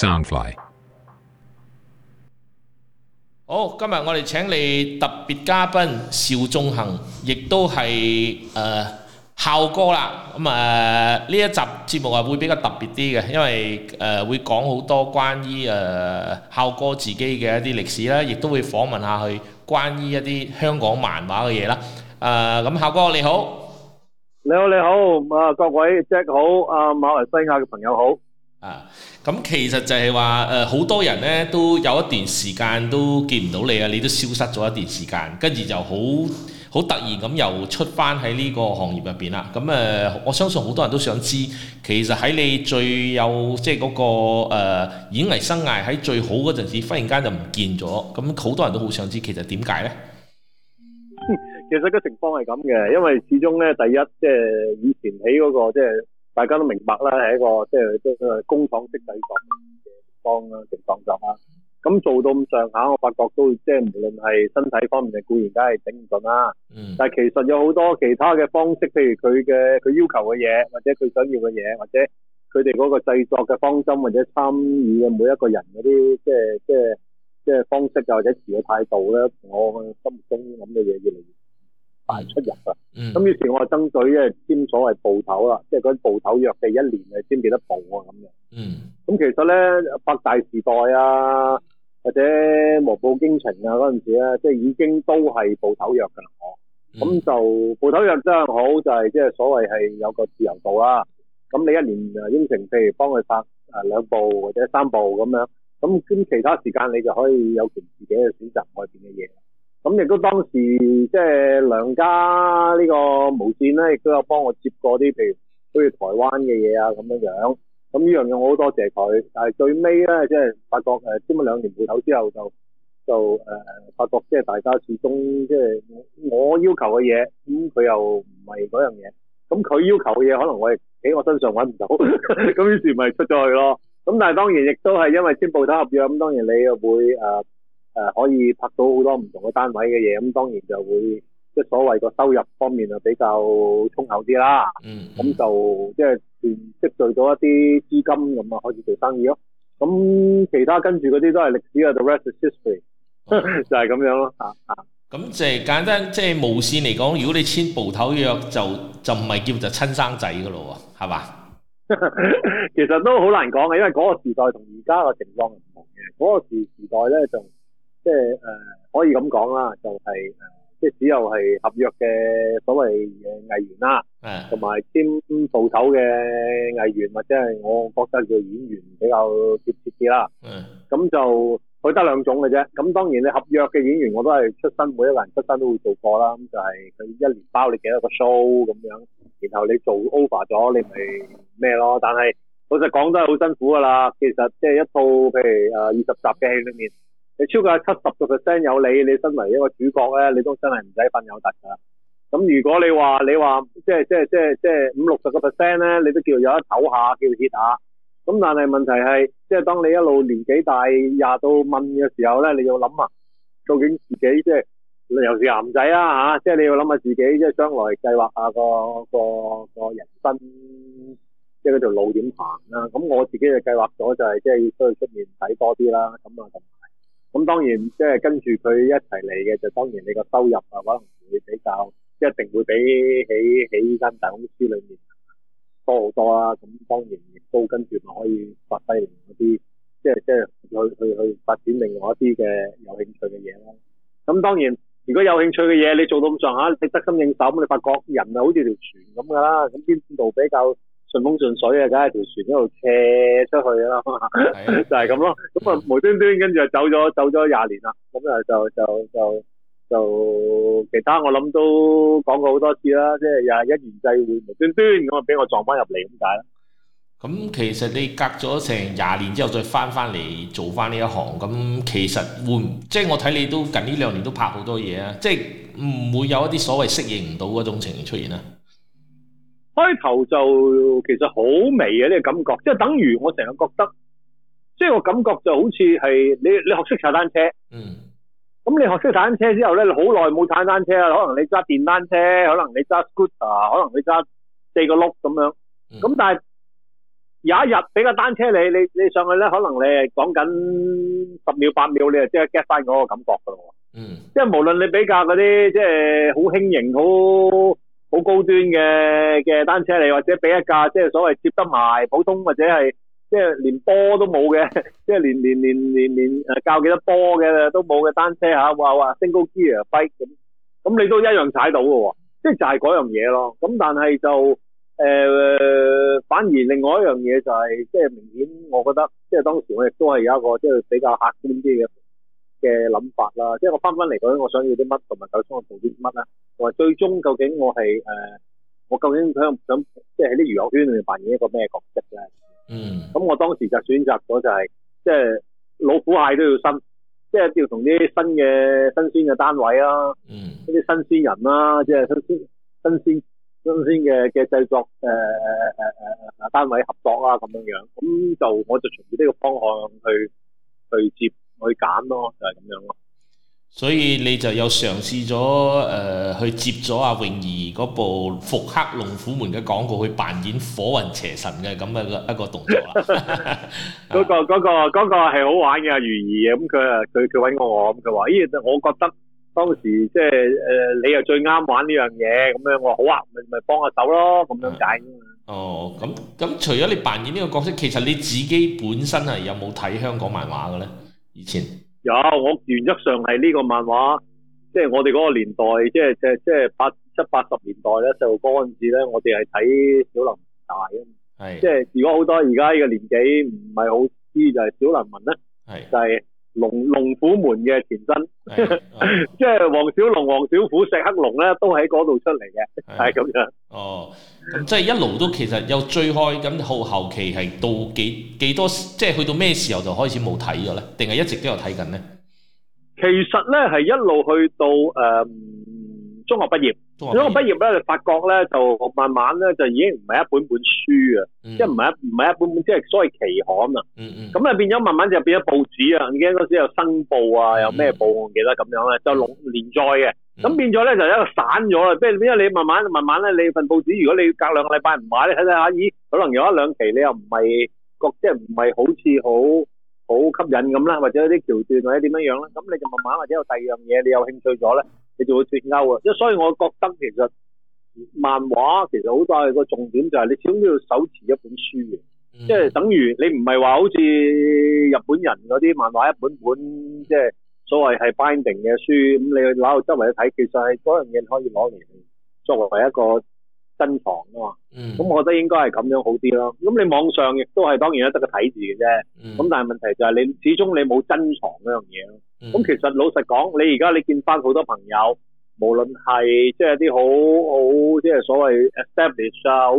Soundfly。好，今日我哋請嚟特別嘉賓邵仲衡，亦都係誒、呃、蟹哥啦。咁誒呢一集節目啊會比較特別啲嘅，因為誒、呃、會講好多關於誒、呃、蟹哥自己嘅一啲歷史啦，亦都會訪問下去關於一啲香港漫畫嘅嘢啦。誒、呃，咁、嗯、蟹哥你好，你好你好，啊各位 Jack 好，阿、啊、馬來西亞嘅朋友好，啊。咁其實就係話誒，好、呃、多人咧都有一段時間都見唔到你啊，你都消失咗一段時間，跟住就好好突然咁又出翻喺呢個行業入邊啦。咁、嗯、誒、呃，我相信好多人都想知，其實喺你最有即係嗰個、呃、演藝生涯喺最好嗰陣時，忽然間就唔見咗，咁好多人都好想知其實點解咧？其實個情況係咁嘅，因為始終咧，第一即係、就是、以前喺嗰、嗰個即係。就是大家都明白啦，係一個即係即係工廠式製作嘅地方啦，情況就啦。咁做到咁上下，我發覺都即係無論係身體方面嘅固然梗係頂唔順啦。嗯。但係其實有好多其他嘅方式，譬如佢嘅佢要求嘅嘢，或者佢想要嘅嘢，或者佢哋嗰個製作嘅方針，或者參與嘅每一個人嗰啲即係即係即係方式，或者持嘅態度咧，我心目中諗嘅嘢越嚟越～嗯、出入，咁於是我就爭取咧簽所謂部頭啦，即係嗰部頭約嘅一年啊係簽幾多部啊？咁樣。嗯，咁其實咧拍大時代啊，或者黃埔傾情啊嗰陣時咧，即、就是、已經都係部頭約㗎啦，哦、嗯。咁就部頭約真係好，就係即係所謂係有個自由度啦、啊。咁你一年啊，應承譬如幫佢拍啊兩部或者三部咁樣，咁咁其他時間你就可以有權自己去選擇外邊嘅嘢。咁亦都當時即係、就是、梁家呢個無線咧，亦都有幫我接過啲譬如好似台灣嘅嘢啊咁樣樣。咁呢樣嘢我好多謝佢。但係最尾咧，即、就、係、是、發覺誒，簽、呃、咗兩年部頭之後就，就就誒、呃、發覺即係大家始終即係、就是、我要求嘅嘢，咁、嗯、佢又唔係嗰樣嘢。咁、嗯、佢要求嘅嘢可能我喺我身上搵唔到，咁 於是咪出咗去咯。咁、嗯、但係當然亦都係因為簽部頭合約，咁、嗯、當然你又會誒。呃誒，可以拍到好多唔同嘅單位嘅嘢，咁當然就會即係所謂個收入方面就比較豐厚啲啦。嗯。咁、嗯、就即係存積聚到一啲資金，咁啊開始做生意咯。咁其他跟住嗰啲都係歷史嘅 retrospective 就係、是、咁樣咯。啊咁即係簡單，即係無綫嚟講，如果你簽部頭約，就就唔係叫做親生仔噶咯，係嘛？ 其實都好難講嘅，因為嗰個時代同而家嘅情況唔同嘅。嗰、那個時時代咧就……即係誒，可以咁講啦，就係誒，即係只有係合約嘅所謂誒藝員啦，同埋簽部頭嘅藝員，或者係我覺得叫演員比較貼切啲啦，咁、yeah. 就佢得兩種嘅啫。咁當然你合約嘅演員，我都係出身，每一個人出身都會做過啦。咁就係佢一年包你幾多個 show 咁樣，然後你做 over 咗，你咪咩咯。但係老實講都係好辛苦噶啦。其實即係一套譬如誒二十集嘅戲裏面。你超過七十個 percent 有你，你身為一個主角咧，你都真係唔使瞓有得㗎啦。咁如果你話你話即係即係即係即係五六十個 percent 咧，你都叫有得唞下，叫 h 打。咁但係問題係，即係當你一路年紀大廿到問嘅時候咧，你要諗啊，究竟自己即係尤其是男仔啊吓即係你要諗下自己即係將來計劃下個個個人生，即係嗰條路點行啦。咁我自己就計劃咗就係、是、即係要出去出面睇多啲啦。咁啊同埋。咁當然即係跟住佢一齊嚟嘅就當然你個收入啊，可能會比較一定會比起起呢間大公司裏面多好多啦。咁當然亦都跟住咪可以發揮另外一啲即係即係去去去發展另外一啲嘅有興趣嘅嘢啦。咁當然如果有興趣嘅嘢你做到咁上下，你得心應手，咁你發覺人啊好似條船咁㗎啦，咁邊度比較？順風順水啊，梗係條船一度斜出去啦、啊 嗯，就係咁咯。咁啊無端端跟住就走咗走咗廿年啦，咁啊就就就就其他我諗都講過好多次啦，即係因緣際會無端端咁啊俾我撞翻入嚟咁解啦。咁、嗯、其實你隔咗成廿年之後再翻翻嚟做翻呢一行，咁其實會即係、就是、我睇你都近呢兩年都拍好多嘢啊，即係唔會有一啲所謂適應唔到嗰種情形出現啊？開頭就其實好微嘅呢個感覺，即係等於我成日覺得，即係個感覺就好似係你你學識踩單車，嗯，咁你學識踩單車之後咧，你好耐冇踩單車啦，可能你揸電單車，可能你揸 scooter，可能你揸四個轆咁樣，咁、嗯、但係有一日俾個單車你，你你上去咧，可能你講緊十秒八秒，你就即刻 get 翻嗰個感覺噶咯，嗯，即係無論你比較嗰啲即係好輕盈好，好高端嘅嘅單車嚟，或者俾一架即係所謂接得埋普通，或者係即係連波都冇嘅，即係連連連連連誒教幾多波嘅都冇嘅單車吓，話話 single gear bike 咁，咁你都一樣踩到嘅喎，即係就係嗰樣嘢咯。咁但係就誒、呃，反而另外一樣嘢就係、是、即係明顯，我覺得即係當時我亦都係有一個即係比較客觀啲嘅。嘅諗法啦，即係我翻翻嚟講，我想要啲乜，同埋究竟我做啲乜咧，同埋最終究竟我係誒、呃，我究竟想唔想即係喺啲娛樂圈裏面扮演一個咩角色咧？嗯，咁我當時就選擇咗就係、是，即係老虎蟹都要新，即係要同啲新嘅新鮮嘅單位啊，嗯，一啲新鮮人啦、啊，即係新鮮新鮮新鮮嘅嘅製作誒誒誒誒單位合作啊咁樣樣，咁就我就隨住呢個方向去去接。去揀咯，就係、是、咁樣咯。所以你就又嘗試咗誒、呃、去接咗阿泳兒嗰部《復黑龍虎門》嘅廣告，去扮演火雲邪神嘅咁嘅一個動作啦。嗰、 那個嗰、那個係、那個、好玩嘅阿魚兒嘅，咁佢啊佢佢揾過我咁，佢話：咦、欸，我覺得當時即係誒你又最啱玩呢樣嘢，咁樣我話好啊，咪咪幫下手咯，咁樣解哦，咁咁除咗你扮演呢個角色，其實你自己本身係有冇睇香港漫畫嘅咧？以前有，我原則上係呢個漫畫，即係我哋嗰個年代，即係即係即係八七八十年代咧，細路哥嗰陣時咧，我哋係睇小林文大嘅，即係如果好多而家呢個年紀唔係好知就係小林文咧，就係、是。是龍龍虎門嘅前身，即係、哦、 黃小龍、黃小虎、石黑龍咧，都喺嗰度出嚟嘅，係咁樣。哦，即係一路都其實有追開，咁後後期係到幾幾多，即係去到咩時候就開始冇睇咗咧？定係一直都有睇緊咧？其實咧係一路去到誒。嗯中學畢業，中學畢業咧就發覺咧就慢慢咧就已經唔係一本本書啊，即係唔係一唔係一本本，即係所謂期刊啊。嗯嗯。咁啊變咗慢慢就變咗報紙啊！你記唔記得嗰時有《新報》啊，有咩報，我記得咁樣咧，就連連載嘅。咁變咗咧就一個散咗啦。即係因為你慢慢慢慢咧，你份報紙如果你隔兩個禮拜唔買咧，睇睇下咦，可能有一兩期你又唔係覺即係唔係好似好好吸引咁啦，或者有啲橋段或者點樣樣啦，咁你就慢慢或者有第二樣嘢你有興趣咗咧。你就會脫勾啊！即係所以，我覺得其實漫畫其實好多係個重點就係你始終都要手持一本書嘅，即、嗯、係、就是、等於你唔係話好似日本人嗰啲漫畫一本本，即、就、係、是、所謂係 binding 嘅書，咁，你去攞去周圍睇，其實係嗰樣嘢可以攞嚟作為一個。珍藏啊嘛，咁我覺得應該係咁樣好啲咯。咁你網上亦都係當然啦，得個睇字嘅啫。咁但係問題就係你始終你冇珍藏呢樣嘢咯。咁其實老實講，你而家你見翻好多朋友，無論係即係啲好好即係所謂 establish 啊，好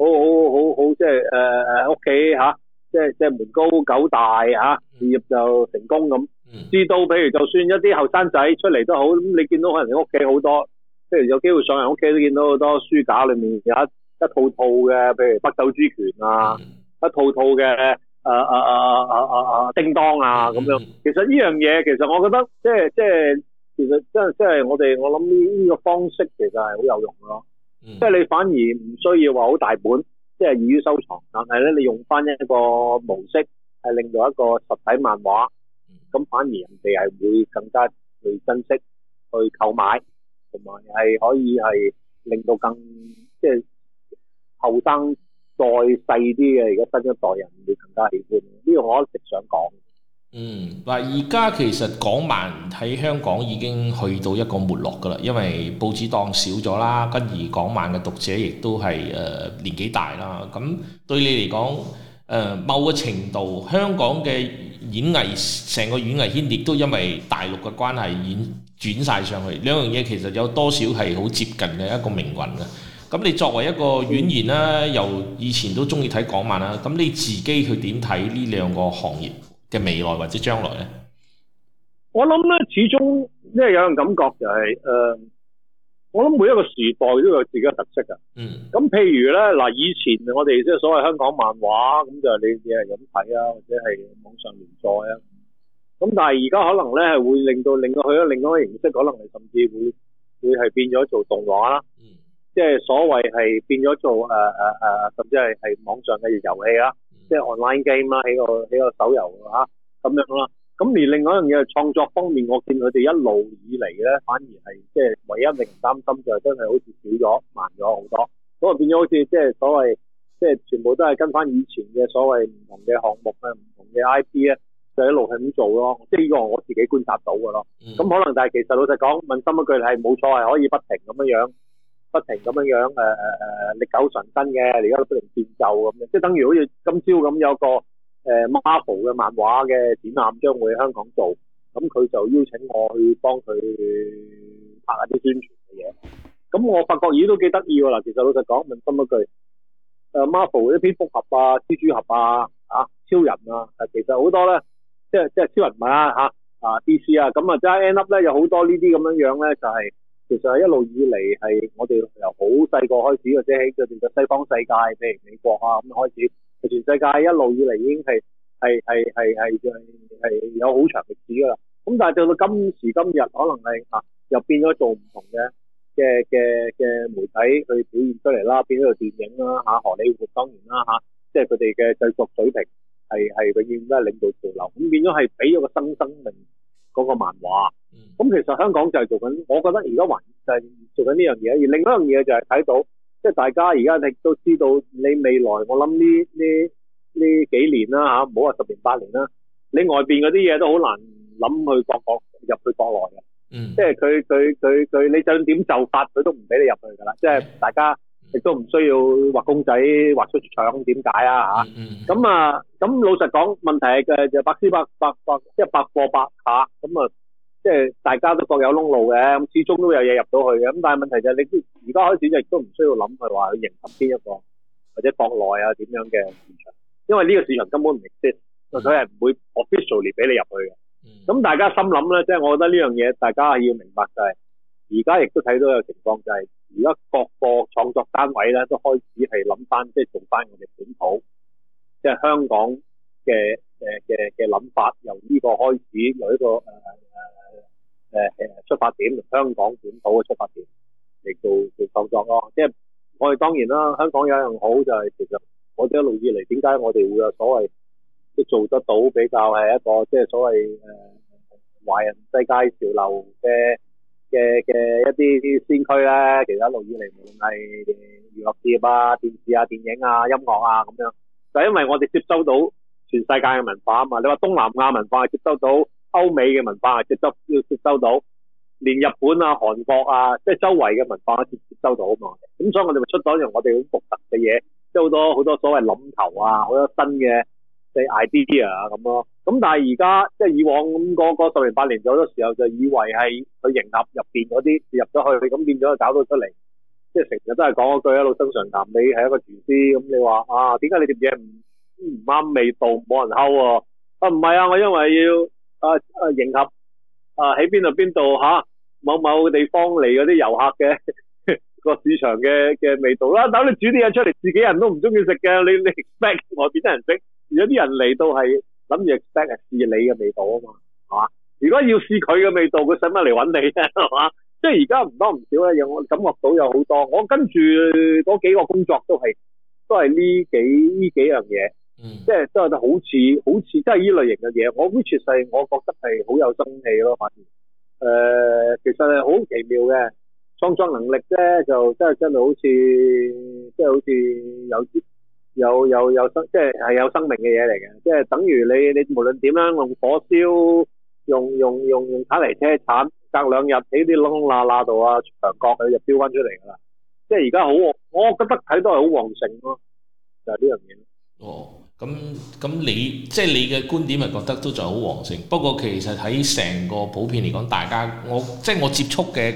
好好好好即係誒誒屋企嚇，即係即係門高狗大嚇，事業就成功咁。知道譬如就算一啲後生仔出嚟都好，咁你見到可能你屋企好多。譬如有機會上人屋企，都見到好多書架裡面有一一套一套嘅，譬如北斗之拳啊，mm -hmm. 一套一套嘅，呃呃呃、啊啊啊啊啊啊叮當啊咁樣。Mm -hmm. 其實呢樣嘢其實我覺得即係即係，其實即係真係我哋我諗呢呢個方式其實係好有用咯。Mm -hmm. 即係你反而唔需要話好大本，即係易於收藏。但係咧，你用翻一個模式，係令到一個實體漫畫，咁反而人哋係會更加去珍惜去購買。同埋係可以係令到更即係後生再細啲嘅，而家新一代人會更加喜歡呢個，我一直想講。嗯，嗱，而家其實港漫喺香港已經去到一個沒落噶啦，因為報紙檔少咗啦，跟而港漫嘅讀者亦都係誒、呃、年紀大啦。咁對你嚟講，誒、呃、某個程度，香港嘅演藝成個演藝圈亦都因為大陸嘅關係演。轉晒上去，兩樣嘢其實有多少係好接近嘅一個命運嘅。咁你作為一個演員啦，又以前都中意睇港漫啦，咁你自己去點睇呢兩個行業嘅未來或者將來呢？我諗咧，始終即係有樣感覺就係、是、誒、呃，我諗每一個時代都有自己嘅特色㗎。嗯。咁譬如咧，嗱，以前我哋即係所謂香港漫畫，咁就係你你係咁睇啊，或者係網上連載啊。咁但係而家可能咧係會令到佢去咗另外一個形式，可能係甚至會會係變咗做動畫啦、mm. 呃呃，即係所謂係變咗做誒誒誒，甚至係係網上嘅遊戲啦，mm. 即係 online game 啦，喺個喺個手遊啊咁樣咯。咁而另外一樣嘢係創作方面，我見佢哋一路以嚟咧，反而係即係唯一令人擔心就係真係好似少咗慢咗好多，咁啊變咗好似即係所謂即係、就是、全部都係跟翻以前嘅所謂唔同嘅項目啊，唔同嘅 IP 咧。就一路係咁做咯，即係依個我自己觀察到㗎咯。咁、嗯、可能但、就、係、是、其實老實講，問心一句係冇錯，係可以不停咁樣樣，不停咁樣樣誒誒誒歷久純新嘅。而家都不停變奏咁樣，即、就、係、是、等於好似今朝咁有一個誒、呃、Marvel 嘅漫畫嘅展覽將會喺香港做，咁佢就邀請我去幫佢拍下啲宣傳嘅嘢。咁我發覺咦都幾得意喎嗱。其實老實講，問心一句，誒、呃、Marvel 啲蝙蝠俠啊、蜘蛛俠啊、啊超人啊，其實好多咧。即係即係超人唔係啦啊，啊 DC 啊，咁啊，即係 end up 咧有好多這這呢啲咁樣樣咧，就係、是、其實係一路以嚟係我哋由好細個開始或者喺佢哋嘅西方世界，譬如美國啊咁開始，係全世界一路以嚟已經係係係係係係有好長嘅歷史㗎啦。咁但係到到今時今日，可能係嚇、啊、又變咗做唔同嘅嘅嘅嘅媒體去表現出嚟啦，變咗做電影啦、啊、嚇，荷里活當然啦嚇，即係佢哋嘅製作水平。係係佢要咩領導潮流，咁變咗係俾咗個新生命嗰個漫畫。咁其實香港就係做緊，我覺得而家還在做緊呢樣嘢。而另外一樣嘢就係睇到，即係大家而家亦都知道，你未來我諗呢呢呢幾年啦嚇，唔好話十年八年啦，你外邊嗰啲嘢都好難諗去國外入去國內嘅。嗯，即係佢佢佢佢，你就算點就法，佢都唔俾你入去㗎啦。即係大家。亦都唔需要畫公仔畫出腸，點解啊吓？咁啊，咁、mm -hmm. 啊、老實講，問題嘅就百思百百百，即係百過百下，咁啊，即係大家都各有窿路嘅，咁始終都有嘢入到去嘅。咁但係問題就係你而家開始亦都唔需要諗佢話去迎合邊一個，或者國內啊點樣嘅市場，因為呢個市場根本唔 exist，佢係唔會 officially 俾你入去嘅。咁大家心諗咧，即係我覺得呢樣嘢大家要明白就係、是，而家亦都睇到有情況就係、是。而家各個創作單位咧，都開始係諗翻，即係做翻我哋本土，即係香港嘅嘅嘅嘅諗法，由呢個開始，有一個誒誒誒誒出發點，香港本土嘅出發點嚟做嘅創作咯、啊。即係我哋當然啦，香港有一樣好就係、是、其實我哋一路以嚟點解我哋會有所謂都做得到比較係一個即係所謂誒、呃、華人世界潮流嘅。嘅嘅一啲啲先驅咧，其實一路以嚟，無論係娛樂業啊、電視啊、電影啊、音樂啊咁樣，就因為我哋接收到全世界嘅文化啊嘛。你話東南亞文化係接收到歐美嘅文化，接收要接收到連日本啊、韓國啊，即係周圍嘅文化都接接收到啊嘛。咁所以，我哋咪出咗用我哋好獨特嘅嘢，即係好多好多所謂諗頭啊，好多新嘅。你 idea 咁咯。咁但係而家即係以往咁，嗰個，個十年八年咗多時候，就以為係去迎合入面嗰啲入咗去，你咁變咗搞到出嚟，即係成日都係講嗰句一路生常談，你係一個廚師咁，你話啊，點解你碟嘢唔唔啱味道，冇人溝喎，啊？啊唔係啊，我因為要啊啊迎合啊喺邊度邊度嚇某某地方嚟嗰啲遊客嘅個市場嘅嘅味道啦。等、啊、你煮啲嘢出嚟，自己人都唔中意食嘅，你你 expect 外邊啲人食？有啲人嚟到係諗住 expect 係試你嘅味道啊嘛，係嘛？如果要試佢嘅味道，佢使乜嚟揾你啊？係嘛？即係而家唔多唔少嘅嘢，我感覺到有好多。我跟住嗰幾個工作都係都係呢幾呢幾樣嘢、嗯，即係都係好似好似即係呢類型嘅嘢。我 which 我覺得係好有新意咯。反而誒，其實係好奇妙嘅創作能力啫，就真係真係好似即係好似有啲。有有有生，即係係有生命嘅嘢嚟嘅，即係等於你你無論點樣用火燒，用用用用鏟泥車鏟，隔兩日喺啲窿窿罅罅度啊，牆角佢就飆翻出嚟噶啦。即係而家好，我覺得睇都係好旺盛咯，就係呢樣嘢。哦，咁咁你即係、就是、你嘅觀點係覺得都仲好旺盛，不過其實喺成個普遍嚟講，大家我即係、就是、我接觸嘅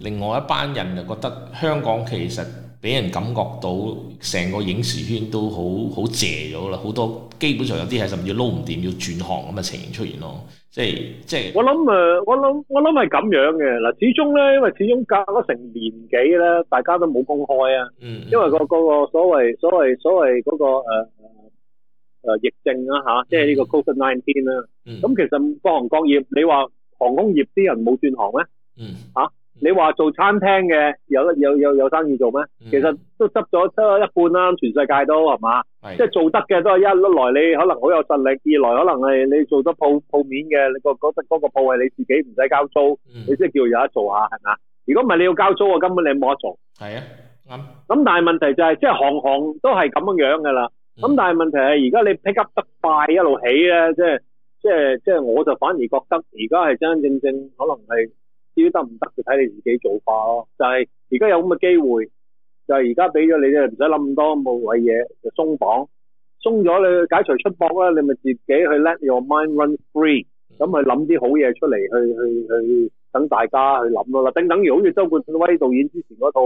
另外一班人就覺得香港其實。俾人感覺到成個影視圈都好好謝咗啦，好多基本上有啲係甚至撈唔掂要轉行咁嘅情形出現咯，即係即係。我諗誒，我諗我諗係咁樣嘅嗱，始終咧，因為始終隔咗成年幾咧，大家都冇公開啊、嗯，因為個個所謂所謂所謂嗰、嗰個誒、啊啊、疫症啦嚇、啊，即係呢個 COVID-19 啦、嗯，咁、啊、其實各行各業，你話航空業啲人冇轉行咩？嚇、嗯？啊你話做餐廳嘅有得有有有生意做咩、嗯？其實都執咗得一半啦，全世界都係嘛？即係做得嘅都係一嚟，你可能好有實力；二來可能係你做咗鋪鋪面嘅，你覺覺得嗰個鋪位你自己唔使交租、嗯，你即係叫有得做一下係嘛？如果唔係你要交租啊，我根本你冇得做。係啊，咁、嗯、但係問題就係即係行行都係咁樣樣㗎啦。咁、嗯、但係問題係而家你 pick up 得，得快一路起咧，即係即係即係我就反而覺得而家係真真正正，正可能係。啲得唔得就睇你自己做法咯。就係而家有咁嘅機會，就係而家俾咗你，唔使諗咁多無謂嘢，就鬆綁。鬆咗你解除出博啦，你咪自己去 let your mind run free，咁去諗啲好嘢出嚟，去去去等大家去諗咯。嗱，等等，好似周冠威導演之前嗰套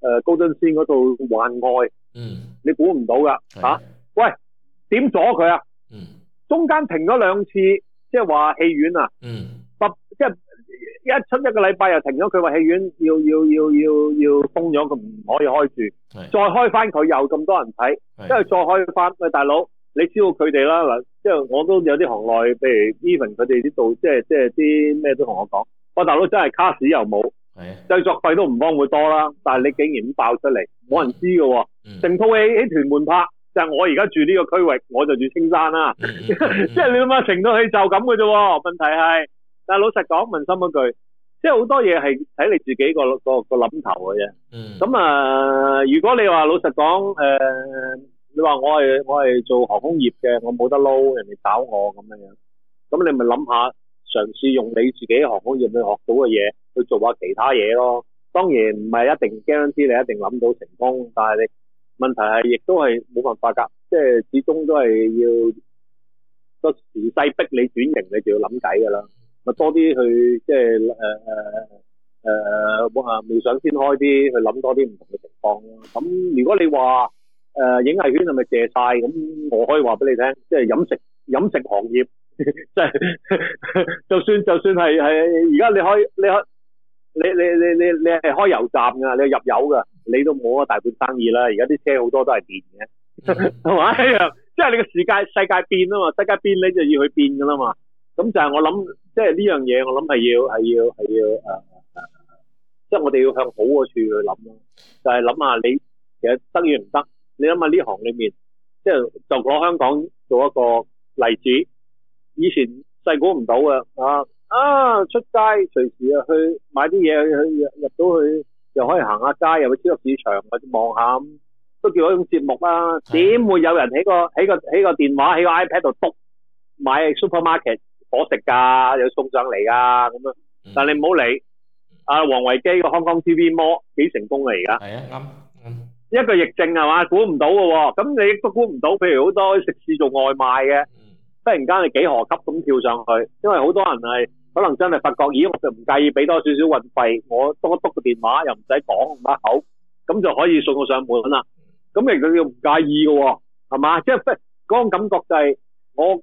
誒 Golden Scene 嗰套《幻愛》，嗯，你估唔到噶吓？喂，點阻佢啊？嗯，中間停咗兩次，即係話戲院啊，嗯，不即係。一出一個禮拜又停咗，佢話戲院要要要要要封咗，佢唔可以開住。再開翻佢又咁多人睇，因為再開翻。喂，大佬，你知道佢哋啦嗱，即係我都有啲行內，譬如 Even 佢哋呢度，即係即係啲咩都同我講。哇，大佬真係卡士又冇，製作費都唔幫會多啦。但係你竟然咁爆出嚟，冇人知喎。成套戲喺屯門拍，就係我而家住呢個區域，我就住青山啦。即係 你諗下，成套戲就咁嘅啫。問題係。但係老實講，問心一句，即係好多嘢係睇你自己個個個諗頭嘅啫。咁啊、嗯，如果你話老實講，誒、呃，你話我係我係做航空業嘅，我冇得撈，人哋找我咁樣樣，咁你咪諗下嘗試用你自己航空業去學到嘅嘢去做下其他嘢咯。當然唔係一定驚知你一定諗到成功，但係你問題係亦都係冇辦法噶，即係始終都係要個時勢逼你轉型，你就要諗計噶啦。咪多啲去即係誒誒誒啊！未、呃呃、想先開啲去諗多啲唔同嘅情況咯。咁如果你話誒、呃、影藝圈係咪借晒，咁，我可以話俾你聽，即係飲食飲食行業，即 係就算就算係係而家你開你開你你你你你係開油站㗎，你入油㗎，你都冇一大盤生意啦。而家啲車好多都係電嘅，同埋即係你個世界世界變啊嘛，世界變你就要去變㗎啦嘛。咁就係我諗，即係呢樣嘢，啊就是、我諗係要係要係要誒，即係我哋要向好嗰處去諗咯。就係、是、諗下你其實得與唔得？你諗下呢行裏面，即係就攞、是、香港做一個例子。以前細估唔到嘅啊啊！出街隨時啊去買啲嘢去去入到去，又可以行下街，又去超級市場或者望下都叫一種節目啦。點會有人喺個喺個喺個電話喺個 iPad 度篤買 supermarket？我食噶，有送上嚟噶咁樣！但你唔好理啊，黃維基個 Hong Kong TVMall 幾成功嚟噶？係啊，啱。一個疫症係嘛，估唔到嘅。咁你亦都估唔到，譬如好多食肆做外賣嘅，忽然間你幾何級咁跳上去，因為好多人係可能真係發覺，咦，我就唔介意俾多少少運費，我篤一篤個電話又唔使講，咁多口，咁就可以送到上門啦。咁其實佢又唔介意嘅，係嘛？即係嗰種感覺就係我。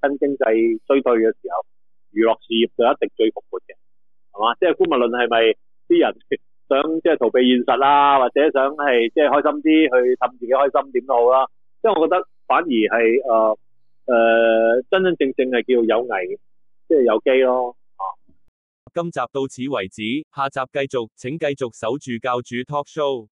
新經濟衰退嘅時候，娛樂事業就一定最蓬勃嘅，係嘛？即係無論係咪啲人想即係逃避現實啦，或者想係即係開心啲去氹自己開心點都好啦，即係我覺得反而係誒誒真真正正係叫有危，即係有機咯。啊，今集到此為止，下集繼續，請繼續守住教主 talk show。